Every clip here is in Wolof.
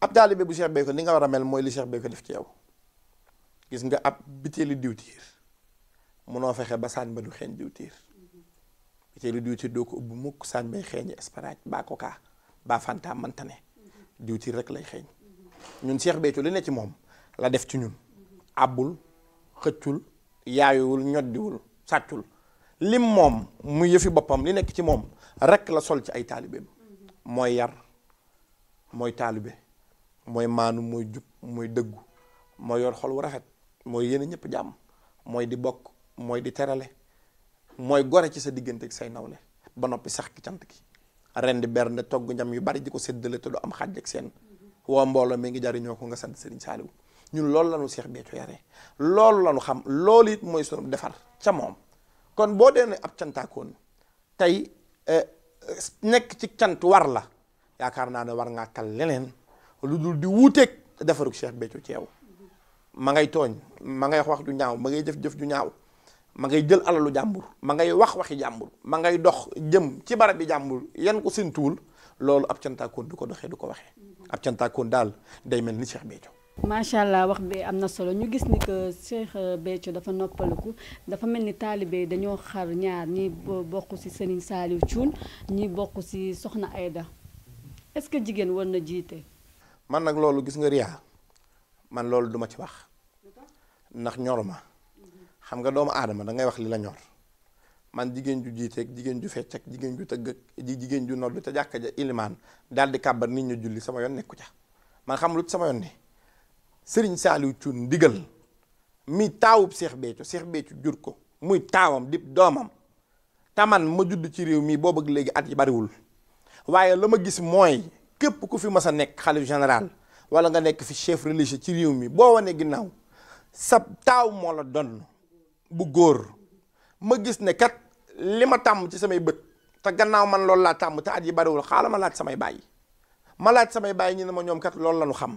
ab taalibe bu Cheikh Béthio ni nga war a mel mooy li Cheikh Béthio def ci yow gis nga ab biteelu diwtiir munoo fexe ba saan ba du xeeñ diwtiir biteelu diwtiir doo ko ubbi mukk saan bay xeeñi espérage baa kokaa baa fanta manta ne diwtiir rek lay xeeñ ñun Cheikh Béthio li ne ci moom la def ci ñun àbbul xëccul yaayuwul ñoddiwul sàccul lim moom mu yëfi boppam li nekk ci moom rek la sol ci ay taalibeem mooy yar mooy taalibe mooy maanu mooy jub mooy dëggu mooy yoon xol wu rafet mooy yéene ñëpp jàmm mooy di bokk mooy di terale mooy gore ci sa diggante ak say nawle ba noppi sax ki cant ki ren di bernde togg yu bari di ko séddale te du am xaaj ak seen woo mbooloo mi ngi jariñoo ko nga sant Serigne Saliou ñun loolu lañu Seex Béthio yaree loolu lañu xam loolu it mooy sunu defar ca moom kon boo dee ne ab cantaakoon tey eh, nekk ci cant war la yaakaar naa ne war ngaa kal leneen lu dul di wuuteeg defarug Cheikh Béthio ci ma ngay tooñ ma ngay wax ju ñaaw ma ngay jëf jëf ju ñaaw ma ngay jël alalu jàmbur ma ngay wax waxi jàmbur ma ngay dox jëm ci barab bi jàmbur yan ko seen loolu ab cantaakoon du ko doxee du ko waxee ab cantaakoon daal day mel ni Cheikh Béthio. macha allah wax bi am na solo ñu gis ni que Cheikh Béthio dafa noppaliku dafa mel ni taalibe dañoo xar ñaar ñi bokk ci Serigne Saliou Thioune ñi bokk ci Soxna Aida est-ce que jigéen war na jiite. man nag loolu gis nga riyaa man loolu duma ci wax ndax ñoruma xam nga doomu aadama dangay wax li la ñor man jigéen ju jiiteeg jigéen ju fecc ak jigéen ju tëgg ji jigéen ju noddu ca jàkka ja ilimaan daal di kàbbar nit ñu julli sama yoon nekku ca man xam lu sama yoon ne sëriñ Saaliw Cuun diggal mi taawub Seex Béthio Seex Béthio jur ko muy taawam di doomam taman ma judd ci réew mii boo bëgg léegi at yi bariwul waaye la ma gis mooy képp ku fi mas a nekk xalif général wala nga nekk fi chef religieux ci réew mi boo wane ginnaaw sab taaw moo la donn bu góor ma gis ne kat li ma tàmm ci samay bët te gannaaw man loolu laa tàmm te at yi bariwul xaala ma laaj samay baay ma laaj samay baay ñi ne ma ñoom kat loolu lanu xam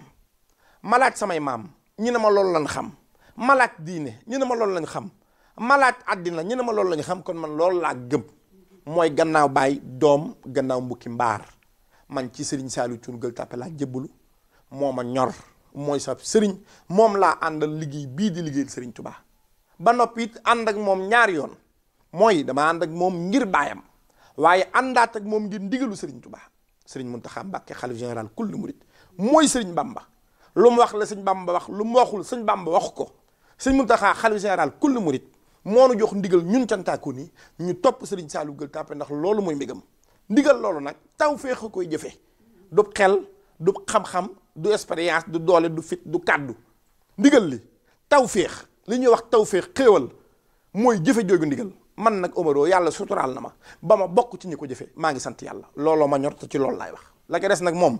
ma laaj samay maam ñu ne ma loolu lañ xam ma laaj diine ñu ne ma loolu lañ xam ma laaj àddina ñu ne ma loolu lañu xam kon man loolu laa gëm mooy gannaaw baay doom gannaaw mbukki mbaar man ci sëriñ Saliou Thioune Gueule Tapée laa jébbalu moom ma ñor mooy sa sëriñ moom laa àndal liggéey bii di liggéeyal sëriñ Touba ba noppi it ànd ak moom ñaari yoon mooy dama ànd ak moom ngir baayam waaye àndaat ak moom ngir ndigalu sëriñ Touba sëriñ Mountakha Mbacké xalif général kulli murit mooy sëriñ Bamba mu wax la sëñ Bamba wax lu mu sëñ Bamba wax ko sëñ Mountakha xalif général kulli murit moo nu jox ndigal ñun cantaako nii ñu topp sëriñ Saliou Gueule Tapée ndax loolu mooy mbégam ndigal loolu nag taw féex koy jëfe du xel du xam-xam du expérience du doole du fit du kàddu ndigal li taw féex li ñuy wax taw féex xéewal mooy jëfe jooju ndigal man nag Omaro yàlla suturaal na ma ba ma bokk ci ñu ko jëfe maa ngi sant yàlla looloo ma ñor ci loolu laay wax la garees nag moom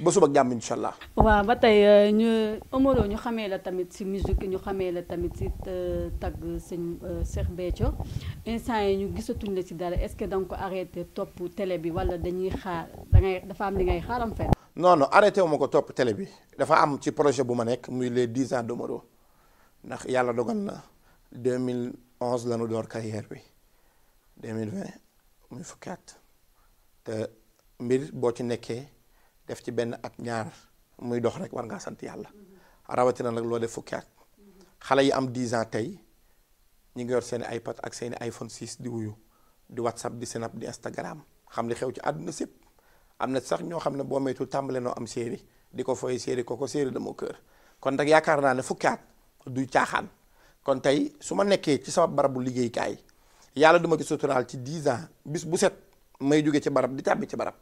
ba suba ak jàmm incha allah. waaw ba tey euh, ñu Omaro ñu xamee la tamit si musique ñu xamee la tamit si euh, tag sëñ euh, Cheikh Béthio instant yi ñu gisatuñ la si dara est-ce que da nga ko arrêté topp tele bi wala dañuy xaar da dafa am li ngay xaaram fenn. non non arrêté wu ma ko topp tele bi dafa am ci projet bu ma nekk muy les dix ans d'Omaro ndax yàlla dogal na mille la ñu door carrière bi 2020 muy fukki at te mbir boo ci nekkee. def ci benn at ñaar muy dox rek war ngaa sant yàlla rawatina nag loo def fukki at xale yi am 10 ans tey ñi ngi yor seen i iPad ak seen i iPhone 6 di wuyu di WhatsApp di Snap di Instagram xam li xew ci àdduna sépp am na sax ñoo xam ne boo moytuwul tàmbale noo am série di ko fooy ko kooko série dama kër kon nag yaakaar naa ne fukki at du caaxaan kon tey su ma nekkee ci sama barabu liggéeykaay yàlla duma ci suturaal ci 10 ans bis bu set may jóge ci barab di tàbbi ci barab.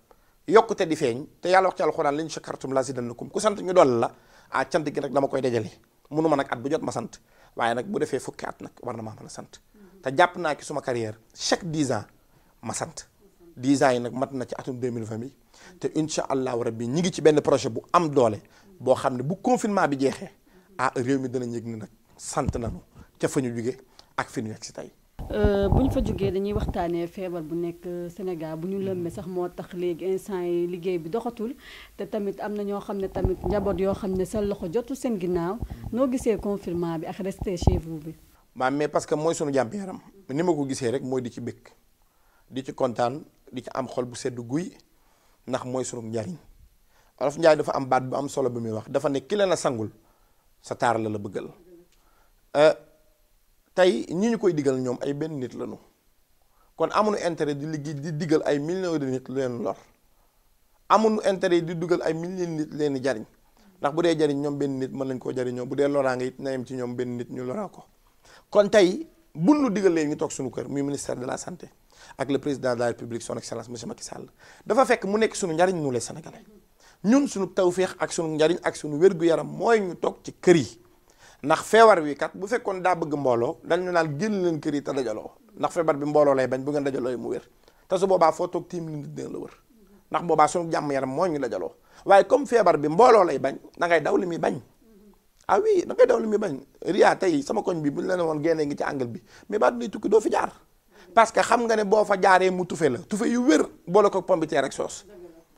yokkute di feeñ te yàlla wax ci alxuraan lañ shakartum lazidannakum ku sant ñu dool la ah cant gi nag dama koy dajale munu ma nag at bu jot ma sant waaye nag bu defee fukki at nag war na maa mën a sant te jàpp naa ki suma carrière chaque 10 ans ma sant 10 ans yi nag mat na ci atum 2020 bi te incha allahu rabbi ñi ngi ci benn projet bu am doole boo xam ne bu confinement bi jeexee ah réew mi dana yëg ni nag sant nañu ca fa ñu jóge ak fi ñu si tey Euh, bu ñu fa jógee dañuy waxtaanee feebar bu nekk euh, Sénégal bu ñu lëmmee sax moo tax léegi instant yi liggéey bi doxatul te tamit am na ñoo xam ne tamit njaboot yoo xam ne seen loxo jotu seen ginnaaw noo gisee confinement bi ak rester chez bi. maam mais parce que mooy sunu jàmp yaram ni ma ko gisee rek mooy di ci bëgg di ci kontaan di ci am xol bu sedd guy ndax mooy sunu njariñ olof njaay dafa am baat bu am solo bi muy wax dafa ne ki la na sangul sa taar la la bëggal. Euh, tey ñi ñu koy digal ñoom ay benn nit lañu kon amuñu intérêt di liggéey di digal ay millions de nit leen lor amuñu yi di dugal ay millions nit leen jariñ ndax bu dee jariñ ñoom benn nit mën nañ koo jariñoo bu dee loraa nga it na yem ci ñoom benn nit ñu loraa ko kon tey buñ lu digalee ñu toog suñu kër muy ministère de la santé ak le président de la république son excellence monsieur Macky Sall dafa fekk mu nekk suñu njariñ nu les sénégalais ñun suñu tawféex ak suñu njariñ ak suñu wér yaram mooy ñu toog ci kër yi ndax feebar wi kat bu fekkoon daa bëgg mbooloo dañu naan génn leen kër yi te dajaloo ndax feebar bi mbooloo lay bañ bu ngeen dajaloo yi mu wér te su boobaa foo toog tiim li nit dina la wër ndax boobaa suñu jàmm yaram moo ñu dajaloo waaye comme feebar bi mbooloo lay bañ da ngay daw li muy bañ ah oui da ngay daw muy bañ ria tey sama koñ bi bu ñu la ne woon génne ngi ci angle bi mais baa dunay tukki doo fi jaar parce que xam nga ne boo fa jaaree mu tufe la tufe yu wér boole ko pombiteer ak soos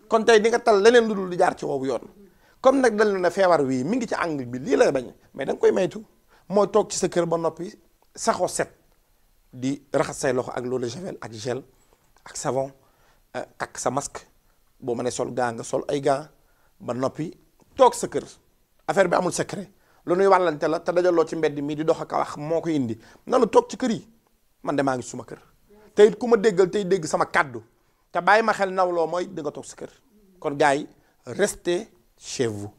kon tey di nga leneen lu dul di jaar ci woowu yoon comme nag dañu na feebar wii mi ngi ci angle bi lii la bañ mais danga koy maytu mooy toog ci sa kër ba noppi saxoo set di raxas say loxo ak loolu javel ak gel ak savon euh, takk sa masque boo mënee sol gaa nga sol ay gaa ba noppi toog sa kër affaire bi amul secret lu nuy wàllante la te dajaloo ci mbedd mii di dox ak wax moo ko indi nanu toog ci kër yi man de maa ngi suma kër te it ku ma déggal tey dégg sama kàddu te bàyyi ma xel nawloo mooy di toog sa kër kon gars yi chez vous.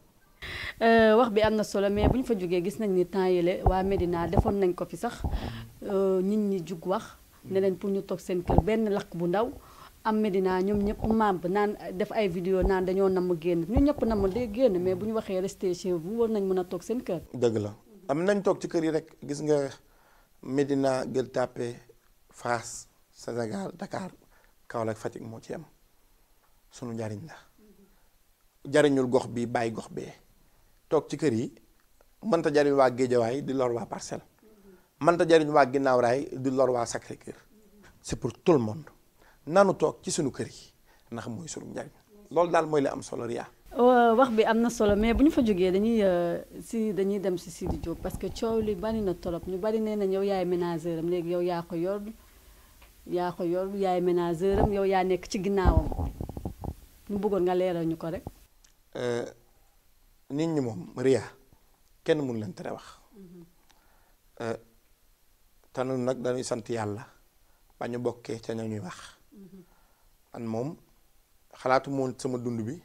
Euh, wax bi am na solo mais bu ñu fa jógee gis nañ ni temps yële waa Medina defoon nañ ko fi sax euh, nit ñi jug wax ne pour ñu toog seen kër benn lakk bu ndaw am Medina ñoom ñëpp memb naan def ay vidéo naan dañoo namm génn ñëpp namm day génn mais bu ñu waxee rester chez vous war nañ mën a toog seen kër. dëgg la am nañ toog ci kër yi rek gis nga Medina Gueule Tapée Fass Sénégal Dakar Kaolack Fatick moo ci am sunu njariñ la. jariñul gox bi bàyyi gox bee toog ci kër yi mënta jariñ waa géejawaay di lor waa parcelle mënta jariñ waa ginnaaw raay di lor waa sacré cœur c'est pour tout le monde nanu toog ci suñu kër yi ndax mooy sunu njariñ loolu daal mooy li am solo Ria. Euh, wax bi am na solo mais bu ñu fa jógee dañuy euh, si dañuy dem si Sidi Diop parce que coow li bari na torop ñu bari nee nañ yow yaay ménageur am léegi yow yaa ko yor yaa ko yor yaay ménageur am yow yaa nekk ci ginnaawam ñu bëggoon nga leeral ñu ko rek. Euh, nit ñi moom riya kenn mun leen tere wax euh, te nag dañuy sant yàlla ba ñu bokkee ca ñuy wax man moom xalaatu moon sama dund bi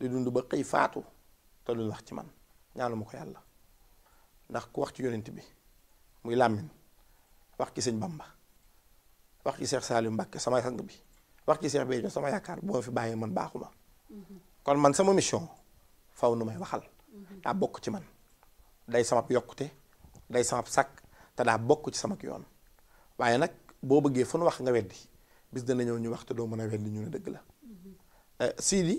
di dund ba xëy faatu te lu wax ci man ñaanuma ko yàlla ndax ku wax ci yonent bi muy làmmiñ wax ci sëñ Bamba wax ci Seex Saaliu Mbàkke sama sang bi wax ci Seex Béthio sama yaakaar boo fi bàyyi man baaxuma kon man sama mission faw nu may waxal daa bokk ci man day sama yokkute day sama sàkk te daa bokk ci sama yoon waaye nag boo bëggee fu nu wax nga weddi bis dana ñëw ñu wax te doo mën a weddi ñu ne dëgg la eh, Sidi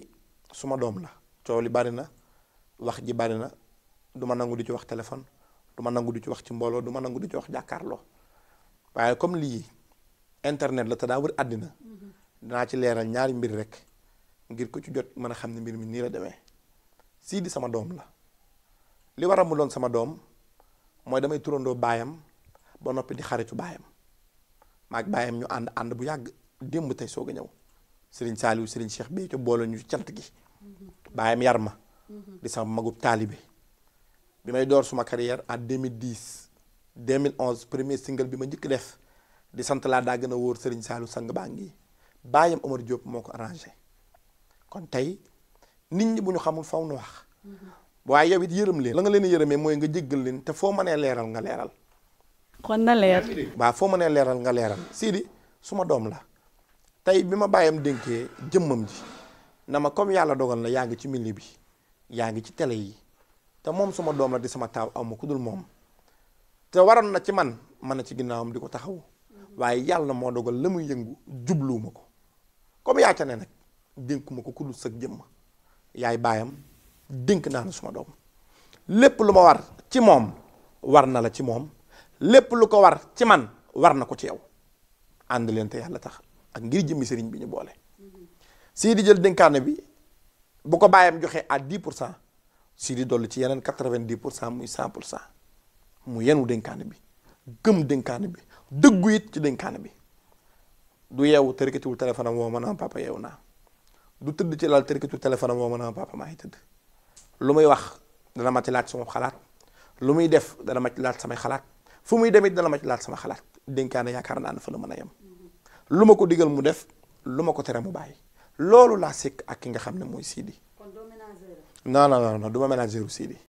suma doom la coow li bari na wax ji bari na du nangu di ci wax téléphone duma nangu di ci wax ci mbooloo du ma nangu di ci wax jàkkaarloo waaye comme lii internet la te daa wër àddina mm-hmm. dinaa ci leeral ñaari mbir rek ngir ku ci jot mën a xam ne mbir mi nii la demee di sama doom la li war a mu doon sama doom mooy damay turandoo baayam ba noppi di xaritu baayam maag baayam ñu ànd ànd bu yàgg démb tey soog a ñëw Serigne Saliou Serigne Cheikh Béthio boole ñu cant gi baayam yar ma di sama magub taalibe bi may door suma carrière en 2010 2011 premier single bi ma njëkk def di sant laa daa gën a wóor Serigne Saliou sang baa ngi baayam Omar Diop moo ko arrangé. kon tey nit ñi bu ñu xamul faw nu wax waaye yow it yërëm leen la nga leen yërëmee mooy nga jéggal leen te foo mënee leeral nga leeral kon na leer waaw foo mënee leeral nga leeral Sidi su doom la tey bi ma bàyyam dénkee jëmmam ji na ma comme yàlla dogal na yaa ngi ci milieu bi yaa ngi ci télé yi te moom suma doom la di sama taaw aw ku dul moom te waroon na ci man mën na ci ginnaawam di ko taxaw waaye yàlla moo dogal la muy yëngu jubluwuma ko comme yaa ne nag dénkuma ko ku dul sëg jëmm yaay baayam dénk naa la suma doom lépp lu ma war ci moom war na la ci moom lépp lu ko war ci man war na ko ci yow ànd leen te yàlla tax ak ngir jëmmi sëriñ bi ñu boole sii di jël dénkaane bi bu ko baayam joxe at 10 pour cent sii di doll ci yeneen 90 pour cent muy 100 pour cent mu yenu dénkaane bi gëm dénkaane bi dëggu it ci dénkaane bi du yeewu te reketiwul téléphone am woo ma naan papa naa du tëdd ci laal tërkitu téléphone moo mën a papa maa ngi tëdd lu muy wax dana ma laaj suma xalaat lu muy def dana ma laaj samay xalaat fu muy demit dana ma ci laaj sama xalaat dénkaane yaakaar naa ne fa la mën a yem lu ma ko digal mu def lu ma ko tere mu bàyyi loolu laa sekk ak ki nga xam ne mooy Sidi. non non non du ma ménager u Sidi